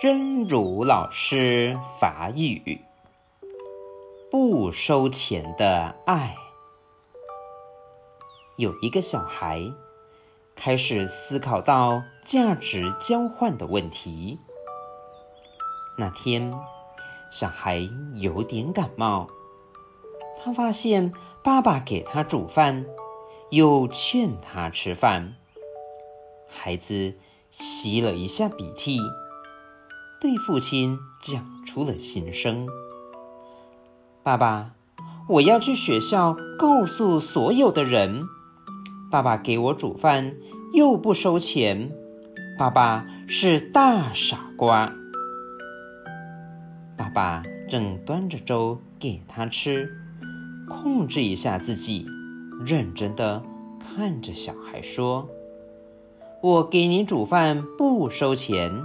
真如老師法語，不收錢的愛，有一個小孩開始思考到價值交換的問題。那天小孩有點感冒，他發現爸爸給他煮飯，又勸他吃飯。孩子吸了一下鼻涕。對父親講出了心聲：“爸爸，我要去學校告訴所有的人，爸爸給我煮飯又不收錢，爸爸是大傻瓜。”爸爸正端着粥給他吃，控制一下自己，認真地看着小孩說：“我給你煮飯不收錢。”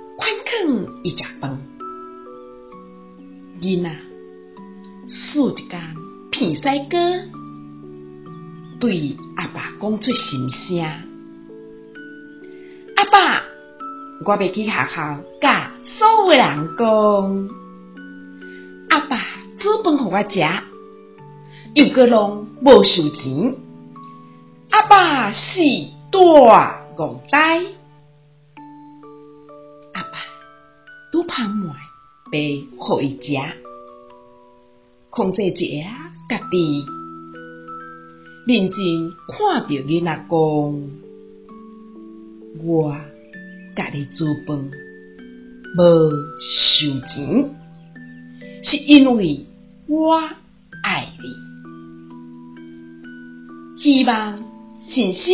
放一扛一架崩，囝仔，蘇一工皮塞哥對阿爸講出心聲：阿爸，爸，我要去學校，甲所有人講，阿爸，爸煮飯給我食，又過攏無收錢，阿爸是大憨呆。怕買被互伊食，控制住啊！己家己認真看着囡仔講：“我家己煮飯，無收錢，是因為我愛你。希望新生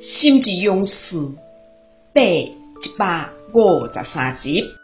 心之勇士，第一百五十三集。